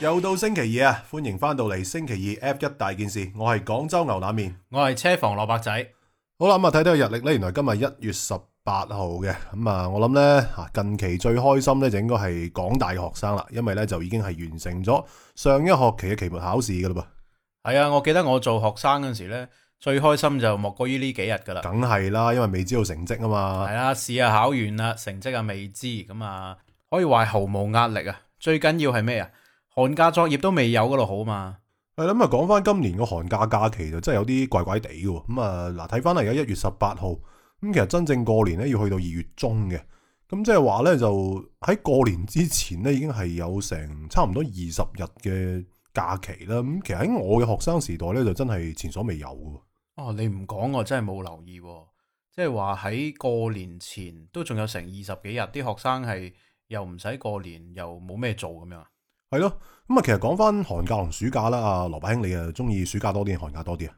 又到星期二啊！歡迎翻到嚟星期二 F1 一大件事，我係廣州牛腩麵，我係車房蘿蔔仔。好啦，咁啊睇到個日曆咧，原來今日一月十八號嘅咁啊。我諗呢啊，近期最開心呢，就應該係廣大嘅學生啦，因為呢，就已經係完成咗上一學期嘅期末考試噶啦噃。係啊，我記得我做學生嗰陣時咧，最開心就莫過於呢幾日噶啦。梗係啦，因為未知道成績啊嘛。係啊，試下考完啦，成績啊未知，咁、嗯、啊可以話毫無壓力啊。最緊要係咩啊？寒假作業都未有嗰度好嘛？係諗住講翻今年個寒假假期就真係有啲怪怪地嘅咁啊！嗱、嗯，睇翻啦，而家一月十八號咁，其實真正過年咧要去到二月中嘅，咁即係話咧就喺、是、過年之前咧已經係有成差唔多二十日嘅假期啦。咁、嗯、其實喺我嘅學生時代咧就真係前所未有嘅。哦，你唔講我真係冇留意、啊，即係話喺過年前都仲有成二十幾日，啲學生係又唔使過年又冇咩做咁樣。係咯，咁啊，其實講翻寒假同暑假啦，阿羅伯兄，你啊中意暑假多啲，寒假多啲啊？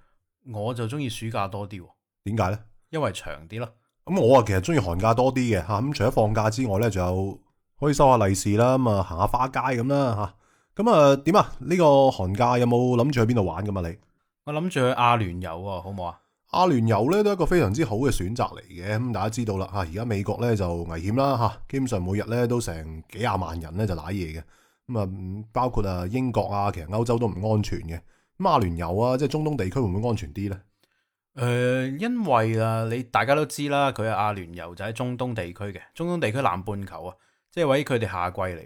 我就中意暑假多啲，點解呢？因為長啲咯。咁我啊，其實中意寒假多啲嘅吓。咁除咗放假之外呢，仲有可以收下利是啦，咁啊行下花街咁啦吓。咁啊點啊？呢個寒假有冇諗住去邊度玩噶嘛？你我諗住去阿聯酋啊，好唔好啊？阿聯酋咧都係一個非常之好嘅選擇嚟嘅。咁大家知道啦吓，而家美國呢就危險啦吓，基本上每日呢都成幾廿萬人呢就瀨嘢嘅。咁啊，包括啊英國啊，其實歐洲都唔安全嘅。咁阿聯酋啊，即係中東地區會唔會安全啲呢？誒、呃，因為啊，你大家都知啦，佢係阿聯酋就喺中東地區嘅。中東地區南半球啊，即係位於佢哋夏季嚟。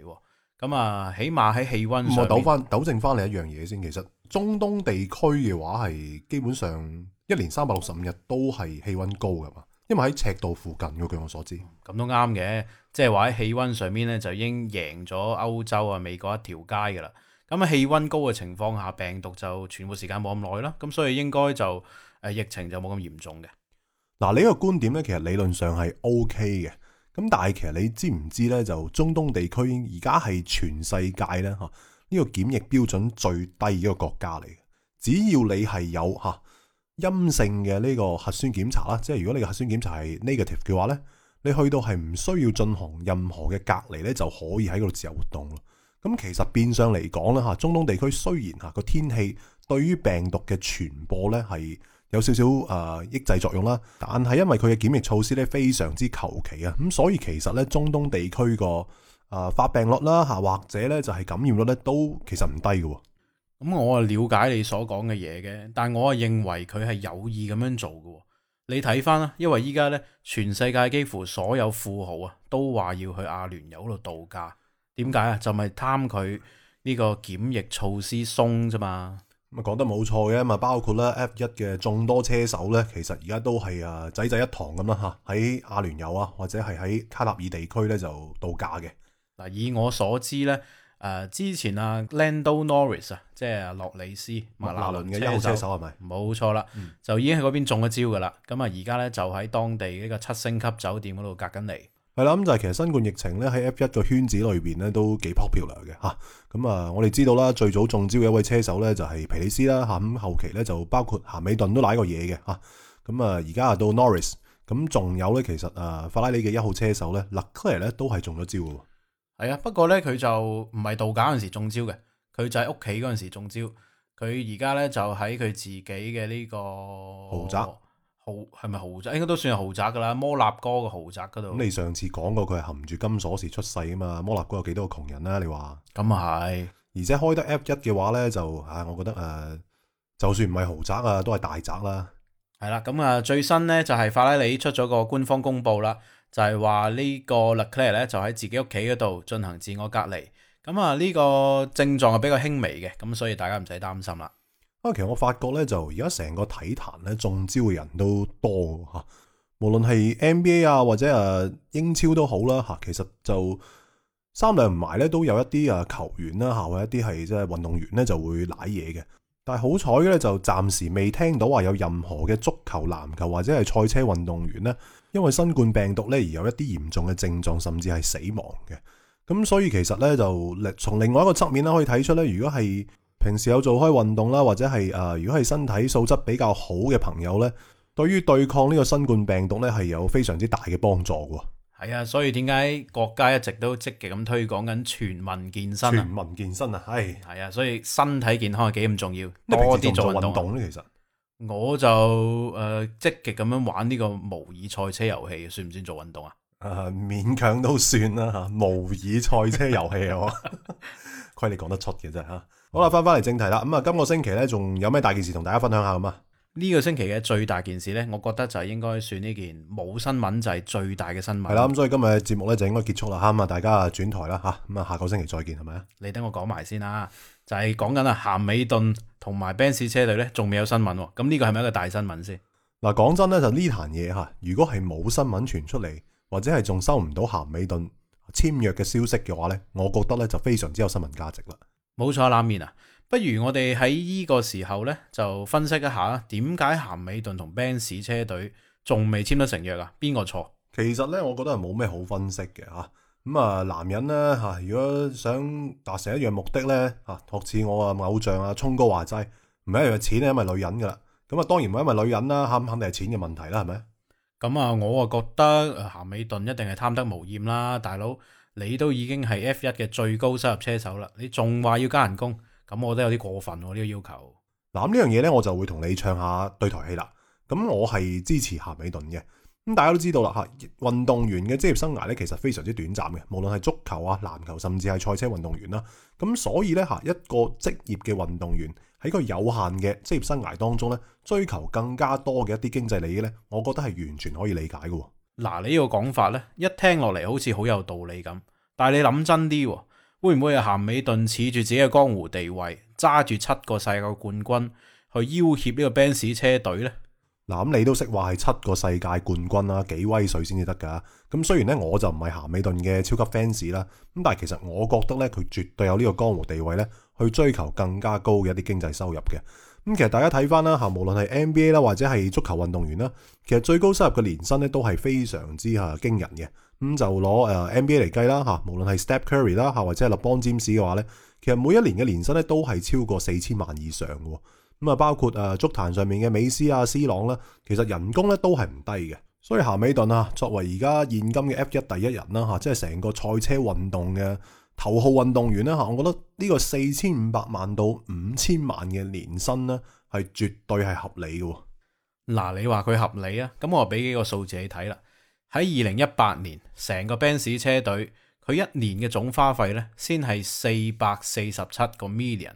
咁啊，起碼喺氣温上、嗯、我糾正翻嚟一樣嘢先。其實中東地區嘅話係基本上一年三百六十五日都係氣温高噶嘛。因為喺赤道附近嘅，據我所知，咁都啱嘅，即係話喺氣温上面咧，就已經贏咗歐洲啊、美國一條街噶啦。咁啊，氣温高嘅情況下，病毒就存活時間冇咁耐啦。咁所以應該就誒疫情就冇咁嚴重嘅。嗱，你呢個觀點咧，其實理論上係 O K 嘅。咁但係其實你知唔知咧？就中東地區而家係全世界咧吓呢個檢疫標準最低一個國家嚟嘅。只要你係有吓。陰性嘅呢個核酸檢查啦，即係如果你嘅核酸檢查係 negative 嘅話呢，你去到係唔需要進行任何嘅隔離呢，就可以喺度自由活動咯。咁其實變相嚟講咧嚇，中東地區雖然嚇個天氣對於病毒嘅傳播呢係有少少誒、呃、抑制作用啦，但係因為佢嘅檢疫措施呢非常之求其啊，咁所以其實呢，中東地區個誒發病率啦嚇，或者呢就係感染率呢都其實唔低嘅。咁、嗯、我啊了解你所講嘅嘢嘅，但我啊認為佢係有意咁樣做嘅。你睇翻啦，因為依家呢，全世界幾乎所有富豪啊都話要去阿聯酋度度假，點解啊？就咪貪佢呢個檢疫措施鬆啫嘛。咁啊講得冇錯嘅，啊包括咧 F 一嘅眾多車手呢，其實而家都係啊仔仔一堂咁啦吓，喺阿聯酋啊或者係喺卡塔爾地區呢就度假嘅。嗱，以我所知呢，誒，之前啊，Lando Norris 啊，ris, 即係啊，洛里斯麥拿倫嘅一號車手係咪？冇錯啦，錯，嗯、就已經喺嗰邊中咗招噶啦咁啊，而家咧就喺當地呢個七星級酒店嗰度隔緊離。係啦，咁就係、是，其實新冠疫情咧，喺 F1 個圈子裏邊咧都幾 popular 嘅吓。咁啊，我哋知道啦，最早中招嘅一位車手咧就係皮里斯啦吓。咁、啊、後期咧就包括咸美頓都瀨過嘢嘅吓。咁啊，而、啊、家到 Norris，咁、啊、仲有咧，其實啊，法拉利嘅一號車手咧，Leclerc 咧都係中咗招嘅。係啊，不過咧佢就唔係度假嗰陣時中招嘅，佢就喺屋企嗰陣時中招。佢而家咧就喺佢自己嘅呢、這個豪宅，豪係咪豪宅？應該都算係豪宅噶啦。摩納哥嘅豪宅嗰度。咁你上次講過佢係含住金鎖匙出世啊嘛？摩納哥有幾多個窮人啦、啊？你話？咁啊係，而且開得 F 一嘅話咧就吓，我覺得誒、呃，就算唔係豪宅啊，都係大宅啦。係啦，咁啊最新咧就係法拉利出咗個官方公布啦。就係話呢個勒克雷咧，就喺自己屋企嗰度進行自我隔離。咁啊，呢個症狀係比較輕微嘅，咁所以大家唔使擔心啦。啊，其實我發覺咧，就而家成個體壇咧中招嘅人都多嚇，無論係 NBA 啊或者啊英超都好啦嚇。其實就三兩唔埋咧，都有一啲啊球員啦，下或者一啲係即係運動員咧就會舐嘢嘅。但係好彩嘅咧，就暫時未聽到話有任何嘅足球、籃球或者係賽車運動員咧，因為新冠病毒咧而有一啲嚴重嘅症狀，甚至係死亡嘅。咁所以其實呢，就從另外一個側面咧可以睇出咧，如果係平時有做開運動啦，或者係啊，如果係身體素質比較好嘅朋友咧，對於對抗呢個新冠病毒咧係有非常之大嘅幫助嘅。係啊，所以點解國家一直都積極咁推廣緊全民健身？全民健身啊，係係啊，所以身體健康又幾咁重要，多啲做運動咧。其實我就誒積極咁樣玩呢個模擬賽車遊戲，算唔算做運動啊？誒、呃，勉強都算啦吓，模擬賽車遊戲啊，我，虧你講得出嘅啫吓。好啦，翻翻嚟正題啦。咁啊，今個星期咧仲有咩大件事同大家分享下啊？呢個星期嘅最大件事呢，我覺得就應該算呢件冇新聞就係最大嘅新聞。係啦，咁所以今日嘅節目呢，就應該結束啦，嚇，咁啊大家轉啊轉台啦嚇，咁、嗯、啊下個星期再見係咪啊？你等我講埋先啦，就係講緊啊鹹美頓同埋 Benz 車隊呢，仲未有新聞，咁、嗯、呢、呢個係咪一個大新聞先？嗱，講真呢，就呢壇嘢嚇，如果係冇新聞傳出嚟，或者係仲收唔到鹹美頓簽約嘅消息嘅話呢，我覺得呢，就非常之有新聞價值啦。冇錯，冷面啊！不如我哋喺呢個時候咧，就分析一下點解咸美頓同 Benz 車隊仲未簽得成約啊？邊個錯？其實咧，我覺得係冇咩好分析嘅吓。咁啊，男人咧吓，如果想達成一樣目的咧吓，托、啊、似我啊偶像啊，沖哥話齋，唔係因為錢咧，因為女人噶啦。咁啊，當然唔係因為女人啦，肯肯定係錢嘅問題啦，係咪？咁啊、嗯，我啊覺得咸美頓一定係貪得無厭啦，大佬，你都已經係 F 一嘅最高收入車手啦，你仲話要加人工？咁我都有啲過分喎、啊，呢、呢個要求。嗱，呢樣嘢呢，我就會同你唱下對台戲啦。咁我係支持夏美頓嘅。咁大家都知道啦，嚇，運動員嘅職業生涯呢，其實非常之短暫嘅，無論係足球啊、籃球，甚至係賽車運動員啦。咁所以呢，嚇，一個職業嘅運動員喺一個有限嘅職業生涯當中呢，追求更加多嘅一啲經濟利益呢，我覺得係完全可以理解嘅。嗱、啊，你呢個講法呢，一聽落嚟好似好有道理咁，但係你諗真啲喎。會唔會係咸美頓恃住自己嘅江湖地位，揸住七個世界冠軍去要挾呢個 Benz 車隊咧？嗱，你都識話係七個世界冠軍啦，幾威水先至得噶？咁雖然咧，我就唔係咸美頓嘅超級 fans 啦，咁但係其實我覺得咧，佢絕對有呢個江湖地位咧，去追求更加高嘅一啲經濟收入嘅。咁其實大家睇翻啦吓，無論係 NBA 啦，或者係足球運動員啦，其實最高收入嘅年薪咧都係非常之吓驚人嘅。咁就攞誒 NBA 嚟計啦吓，無論係 Steph Curry 啦吓，或者係勒邦詹士嘅話咧，其實每一年嘅年薪咧都係超過四千萬以上嘅。咁啊，包括啊，足壇上面嘅美斯啊、C 朗啦，其實人工咧都係唔低嘅。所以夏美頓啊，作為而家現今嘅 F 一第一人啦，吓，即係成個賽車運動嘅頭號運動員啦，吓，我覺得呢個四千五百萬到五千萬嘅年薪咧，係絕對係合理嘅。嗱、啊，你話佢合理啊？咁我俾幾個數字你睇啦。喺二零一八年，成個 Benz 車隊佢一年嘅總花費咧，先係四百四十七個 million，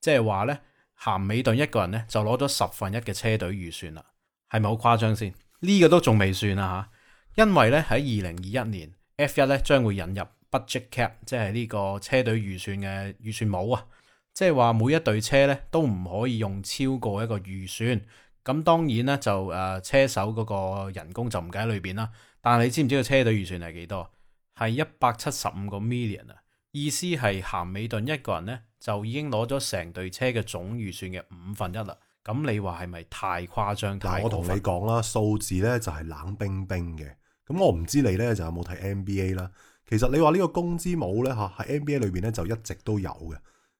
即係話咧。咸美頓一個人咧就攞咗十分一嘅車隊預算啦，係咪好誇張先？呢、這個都仲未算啦吓，啊，因為咧喺二零二一年 F 一咧將會引入 budget cap，即係呢個車隊預算嘅預算帽啊，即係話每一隊車咧都唔可以用超過一個預算。咁當然咧就誒、呃、車手嗰個人工就唔計喺裏邊啦。但係你知唔知道車隊預算係幾多？係一百七十五個 million 啊，意思係咸美頓一個人咧。就已經攞咗成隊車嘅總預算嘅五分一啦，咁你話係咪太誇張？太過分？但係我同你講啦，數字咧就係冷冰冰嘅。咁我唔知你咧就有冇睇 NBA 啦。其實你話呢個工資帽咧嚇喺 NBA 裏邊咧就一直都有嘅。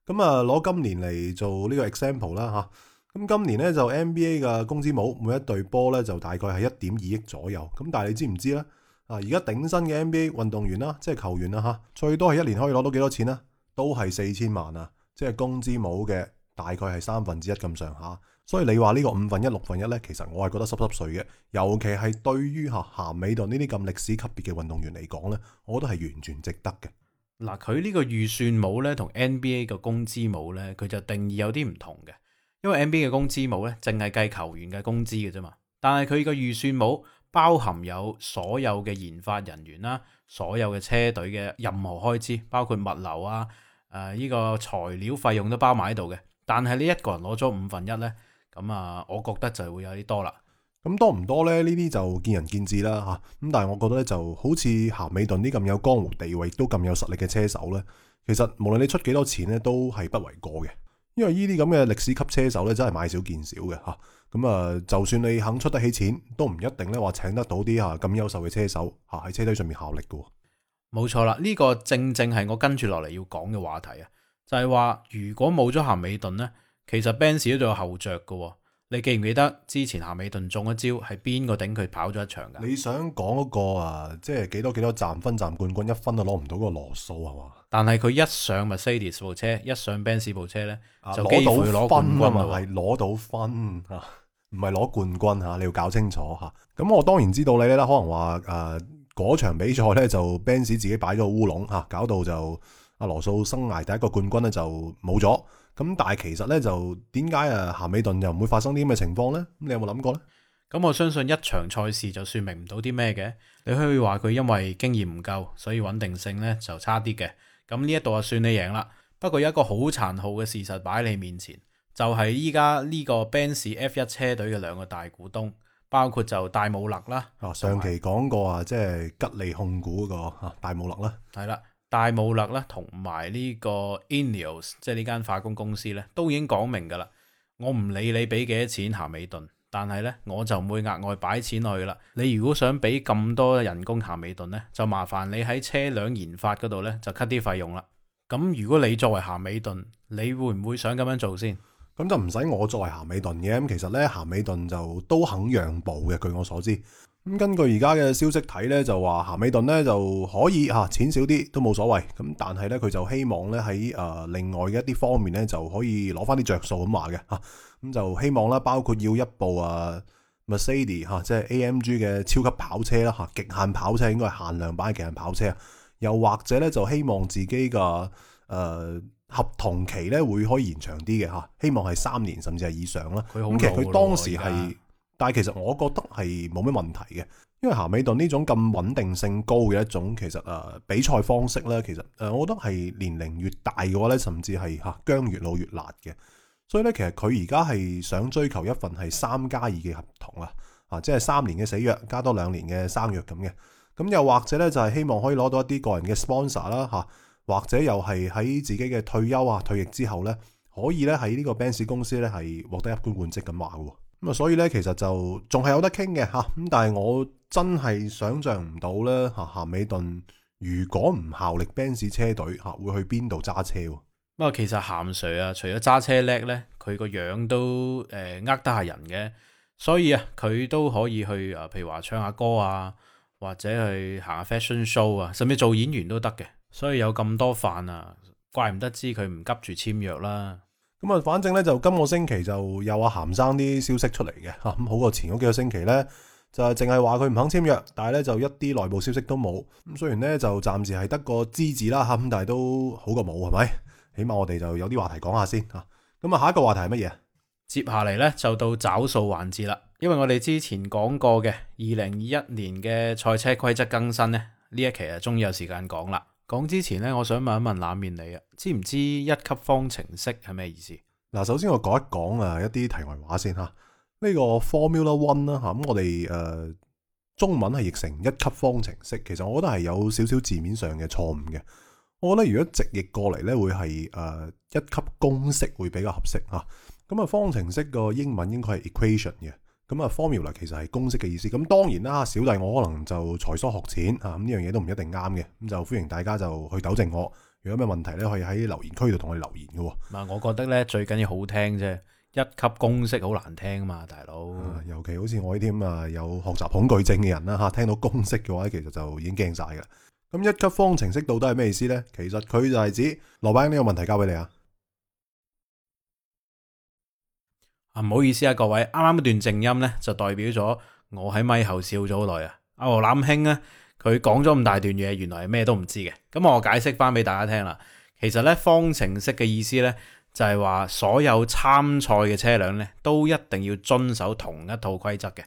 咁啊攞今年嚟做呢個 example 啦吓，咁今年咧就 NBA 嘅工資帽每一隊波咧就大概係一點二億左右。咁但係你知唔知咧？啊而家頂薪嘅 NBA 運動員啦，即係球員啦吓，最多係一年可以攞到幾多錢啊？都係四千萬啊，即係工資帽嘅大概係三分之一咁上下，所以你話呢個五分一六分一呢，其實我係覺得濕濕碎嘅，尤其係對於吓咸美頓呢啲咁歷史級別嘅運動員嚟講呢，我覺得係完全值得嘅。嗱，佢呢個預算帽呢，同 NBA 個工資帽呢，佢就定義有啲唔同嘅，因為 NBA 嘅工資帽呢，淨係計球員嘅工資嘅啫嘛，但係佢個預算帽。包含有所有嘅研發人員啦，所有嘅車隊嘅任何開支，包括物流啊，誒、啊、呢、這個材料費用都包埋喺度嘅。但係你一個人攞咗五分一呢，咁啊，我覺得就會有啲多啦。咁多唔多呢？呢啲就見仁見智啦吓。咁、啊、但係我覺得咧，就好似咸美頓呢咁有江湖地位，都咁有實力嘅車手呢，其實無論你出幾多錢呢，都係不為過嘅。因為呢啲咁嘅歷史級車手咧，真係買少見少嘅吓，咁啊，就算你肯出得起錢，都唔一定咧話請得到啲吓咁優秀嘅車手吓喺車隊上面效力㗎。冇錯啦，呢、呢個正正係我跟住落嚟要講嘅話題啊，就係、係、話如果冇咗咸美頓呢，其實 Benz 都仲有後著㗎。你記唔記得之前夏美頓中一招係邊個頂佢跑咗一場噶？你想講嗰個啊，即係幾多幾多站分站冠軍一分都攞唔到嗰個羅素係嘛？但係佢一上 Mercedes 部車，一上 Benz 部車咧，就攞到，到分。啊，係攞到分啊，唔係攞冠軍吓，你要搞清楚吓。咁我當然知道你啦，可能話誒嗰場比賽咧就 Benz 自己擺咗個烏龍吓，搞到就阿羅素生涯第一個冠軍咧就冇咗。咁但係其實咧就點解啊咸美頓又唔會發生啲咁嘅情況呢？你有冇諗過呢？咁我相信一場賽事就說明唔到啲咩嘅。你可以話佢因為經驗唔夠，所以穩定性咧就差啲嘅。咁呢一度啊算你贏啦。不過有一個好殘酷嘅事實擺喺你面前，就係依家呢個 Benz F1 車隊嘅兩個大股東，包括就戴姆勒啦。哦、啊，上期講過啊，即、就、係、是、吉利控股嗰、那個啊戴姆勒啦。係啦。戴姆勒啦，同埋呢個 Ineos，即係呢間化工公司咧，都已經講明㗎啦。我唔理你俾幾多錢夏美頓，但係咧我就唔會額外擺錢落去啦。你如果想俾咁多人工夏美頓咧，就麻煩你喺車輛研發嗰度咧就 cut 啲費用啦。咁如果你作為夏美頓，你會唔會想咁樣做先？咁就唔使我作為夏美頓嘅，咁其實咧夏美頓就都肯讓步嘅，據我所知。咁根據而家嘅消息睇咧，就話咸美頓咧就可以吓，錢少啲都冇所謂。咁但係咧，佢就希望咧喺誒另外嘅一啲方面咧，就可以攞翻啲着數咁話嘅吓。咁、啊、就希望啦，包括要一部啊 Mercedes 吓，啊，即、就、係、是、AMG 嘅超級跑車啦吓，啊，極限跑車應該係限量版嘅極限跑車啊。又或者咧，就希望自己嘅誒、呃、合同期咧會可以延長啲嘅吓，希望係三年甚至係以上啦。咁其實佢當時係。但係其實我覺得係冇咩問題嘅，因為哈美頓呢種咁穩定性高嘅一種其、呃，其實誒比賽方式咧，其實誒我覺得係年齡越大嘅話咧，甚至係吓薑越老越辣嘅，所以咧其實佢而家係想追求一份係三加二嘅合同啊，啊即係三年嘅死約加多兩年嘅生約咁嘅，咁、啊、又或者咧就係、是、希望可以攞到一啲個人嘅 sponsor 啦吓，或者又係喺自己嘅退休啊退役之後咧，可以咧喺呢個 Benz 公司咧係獲得一官半職咁話嘅。咁所以咧，其實就仲係有得傾嘅嚇。咁、啊、但係我真係想象唔到咧嚇，啊，鹹美頓如果唔效力 Benz 車隊嚇、啊，會去邊度揸車喎？咁啊，其實鹹 Sir 啊，除咗揸車叻咧，佢個樣都誒呃得下人嘅，所以啊，佢都可以去啊，譬如話唱下歌啊，或者去行下 fashion show 啊，甚至做演員都得嘅。所以有咁多飯啊，怪唔得知佢唔急住簽約啦。咁啊，反正咧就今個星期就有阿、啊、鹹生啲消息出嚟嘅，吓、啊、咁、嗯、好過前嗰幾個星期咧，就淨係話佢唔肯簽約，但係咧就一啲內部消息都冇。咁雖然咧就暫時係得個知字啦，吓、啊、咁但係都好過冇，係咪？起碼我哋就有啲話題講下先，吓、啊。咁啊，下一個話題係乜嘢？接下嚟咧就到找數環節啦，因為我哋之前講過嘅二零二一年嘅賽車規則更新咧，呢一期啊終於有時間講啦。講之前咧，我想問一問冷面你啊，知唔知一級方程式係咩意思？嗱，首先我講一講誒一啲題外話先吓。呢個 Formula One 啦吓，咁我哋誒中文係譯成一級方程式，其實我覺得係有少少字面上嘅錯誤嘅。我覺得如果直譯過嚟咧，會係誒、呃、一級公式會比較合適吓。咁啊，方程式個英文應該係 equation 嘅。咁啊，formula 其實係公式嘅意思。咁當然啦，小弟我可能就才疏學淺，吓，咁呢樣嘢都唔一定啱嘅。咁就歡迎大家就去糾正我。如果有咩問題咧，可以喺留言區度同我哋留言嘅。嗱、啊，我覺得咧，最緊要好聽啫。一級公式好難聽啊嘛，大佬、嗯。尤其好似我呢啲咁啊有學習恐懼症嘅人啦吓、啊，聽到公式嘅話咧，其實就已經驚晒㗎喇。咁一級方程式到底係咩意思咧？其實佢就係指羅伯英，呢個問題交俾你啊。啊，唔好意思啊，各位，啱啱一段靜音咧，就代表咗我喺咪後笑咗好耐啊！阿羅攬兄咧，佢講咗咁大段嘢，原來係咩都唔知嘅。咁我解釋翻俾大家聽啦。其實咧，方程式嘅意思咧，就係、是、話所有參賽嘅車輛咧，都一定要遵守同一套規則嘅。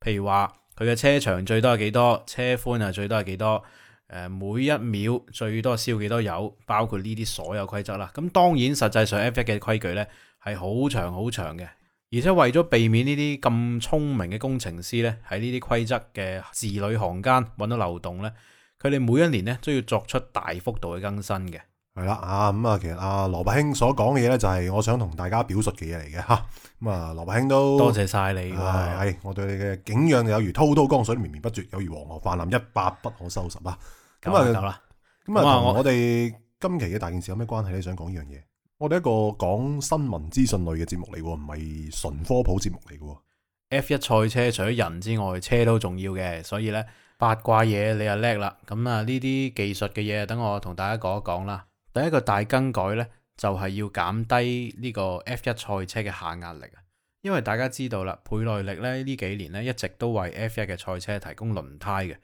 譬如話佢嘅車長最多係幾多，車寬啊最多係幾多，誒、呃，每一秒最多燒幾多油，包括呢啲所有規則啦。咁當然，實際上 F1 嘅規矩咧係好長好長嘅。而且為咗避免呢啲咁聰明嘅工程師呢，喺呢啲規則嘅字裏行間揾到漏洞呢，佢哋每一年咧都要作出大幅度嘅更新嘅。係啦，啊咁啊，其實阿羅伯卿所講嘅嘢呢，就係我想同大家表述嘅嘢嚟嘅吓。咁啊，羅伯卿都多謝晒你，係、哎、我對你嘅景仰有如滔滔江水綿綿不絕，有如黃河泛濫一發不可收拾啊！夠啦，夠啦。咁啊，我哋今期嘅大件事有咩關係咧？你想講呢樣嘢？我哋一個講新聞資訊類嘅節目嚟，唔係純科普節目嚟嘅。F1 賽車除咗人之外，車都重要嘅，所以呢八卦嘢你又叻啦。咁啊，呢啲技術嘅嘢，等我同大家講一講啦。第一個大更改呢，就係要減低呢個 F1 賽車嘅下壓力啊。因為大家知道啦，倍耐力呢呢幾年呢一直都為 F1 嘅賽車提供輪胎嘅，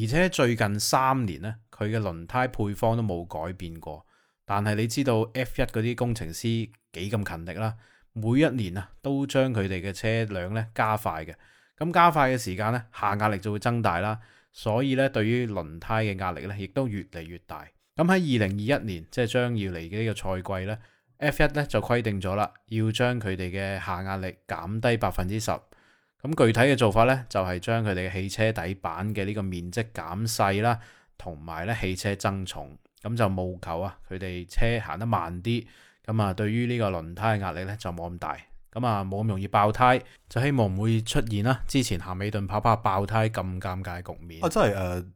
而且最近三年呢，佢嘅輪胎配方都冇改變過。但係你知道 F 一嗰啲工程師幾咁勤力啦，每一年啊都將佢哋嘅車輛咧加快嘅，咁加快嘅時間咧下壓力就會增大啦，所以咧對於輪胎嘅壓力咧亦都越嚟越大。咁喺二零二一年即係、就是、將要嚟嘅呢個賽季咧，F 一咧就規定咗啦，要將佢哋嘅下壓力減低百分之十。咁具體嘅做法咧就係將佢哋嘅汽車底板嘅呢個面積減細啦，同埋咧汽車增重。咁就務求啊，佢哋車行得慢啲，咁啊對於呢個輪胎嘅壓力呢，就冇咁大，咁啊冇咁容易爆胎，就希望唔會出現啦，啊。之前夏美頓跑跑爆胎咁尷尬局面啊，真係誒、呃，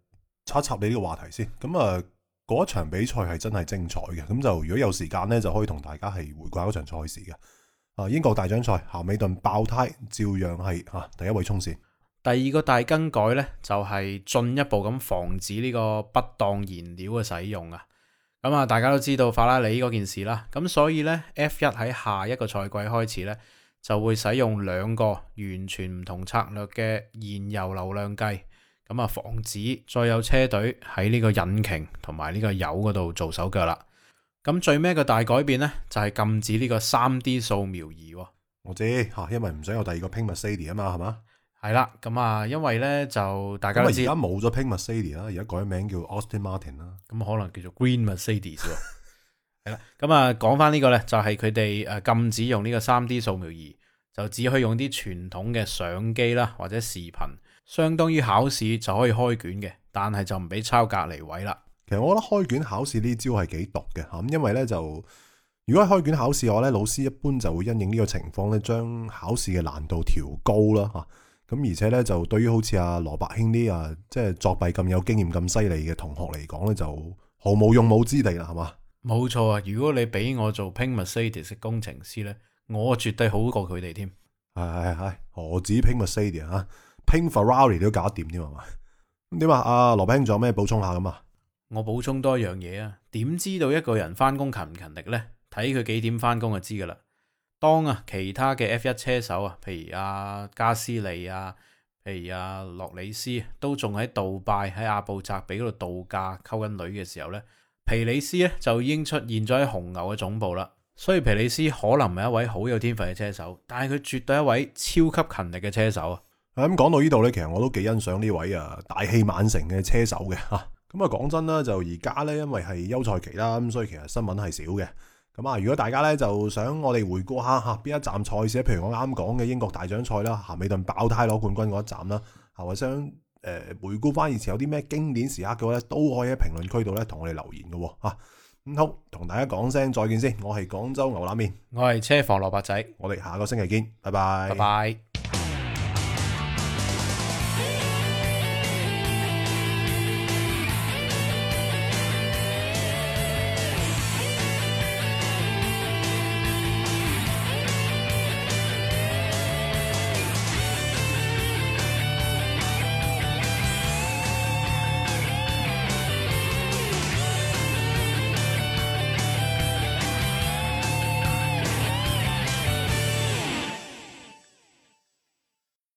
插插你呢個話題先，咁啊嗰一場比賽係真係精彩嘅，咁就如果有時間呢，就可以同大家係回顧嗰場賽事嘅，啊英國大獎賽夏美頓爆胎照樣係吓、啊、第一位衝綫。第二個大更改咧，就係進一步咁防止呢個不當燃料嘅使用啊。咁啊，大家都知道法拉利嗰件事啦。咁所以咧，F1 喺下一個賽季開始咧，就會使用兩個完全唔同策略嘅燃油流量計，咁啊，防止再有車隊喺呢個引擎同埋呢個油嗰度做手腳啦。咁最尾個大改變咧，就係禁止呢個三 D 掃描儀。我知吓，因為唔使有第二個 Pink Mercedes 啊嘛，係嘛？係啦，咁啊，因為咧就大家知道，知啊而家冇咗 Pink Mercedes 啦，而家改名叫 Aston Martin 啦，咁可能叫做 Green Mercedes 。係啦，咁啊講翻呢個咧，就係佢哋誒禁止用呢個三 D 掃描儀，就只可以用啲傳統嘅相機啦，或者視頻，相當於考試就可以開卷嘅，但係就唔俾抄隔籬位啦。其實我覺得開卷考試呢招係幾毒嘅吓，咁因為咧就如果開卷考試嘅話咧，老師一般就會因應呢個情況咧，將考試嘅難度調高啦吓。咁而且咧，就對於好似阿羅伯兄啲啊，即係作弊咁有經驗、咁犀利嘅同學嚟講咧，就毫無用武之地啦，係嘛？冇錯啊！如果你俾我做 Ping Mercedes 工程師咧，我絕對好過佢哋添。係係係，何止 Ping Mercedes 啊？Ping Ferrari 都搞掂添，係嘛？你話 啊？阿羅伯兄仲有咩補充下咁啊？我補充多一樣嘢啊！點知道一個人翻工勤唔勤力咧？睇佢幾點翻工就知㗎啦。當啊，其他嘅 F 一車手啊，譬如阿加斯利啊，譬如阿洛里斯，都仲喺杜拜喺阿布扎比嗰度度假溝緊女嘅時候咧，皮里斯咧就已經出現咗喺紅牛嘅總部啦。所以皮里斯可能唔係一位好有天分嘅車手，但係佢絕對係一位超級勤力嘅車手啊。咁講到呢度咧，其實我都幾欣賞呢位啊大器晚成嘅車手嘅吓。咁啊講真啦，就而家咧，因為係休賽期啦，咁所以其實新聞係少嘅。咁啊，如果大家呢就想我哋回顧下吓邊一站賽事，譬如我啱講嘅英國大獎賽啦，咸美頓爆胎攞冠軍嗰一站啦，係咪想誒回顧翻以前有啲咩經典時刻嘅話呢，都可以喺評論區度呢同我哋留言嘅吓。咁好，同大家講聲再見先，我係廣州牛腩麵，我係車房蘿蔔仔，我哋下個星期見，拜拜，拜拜。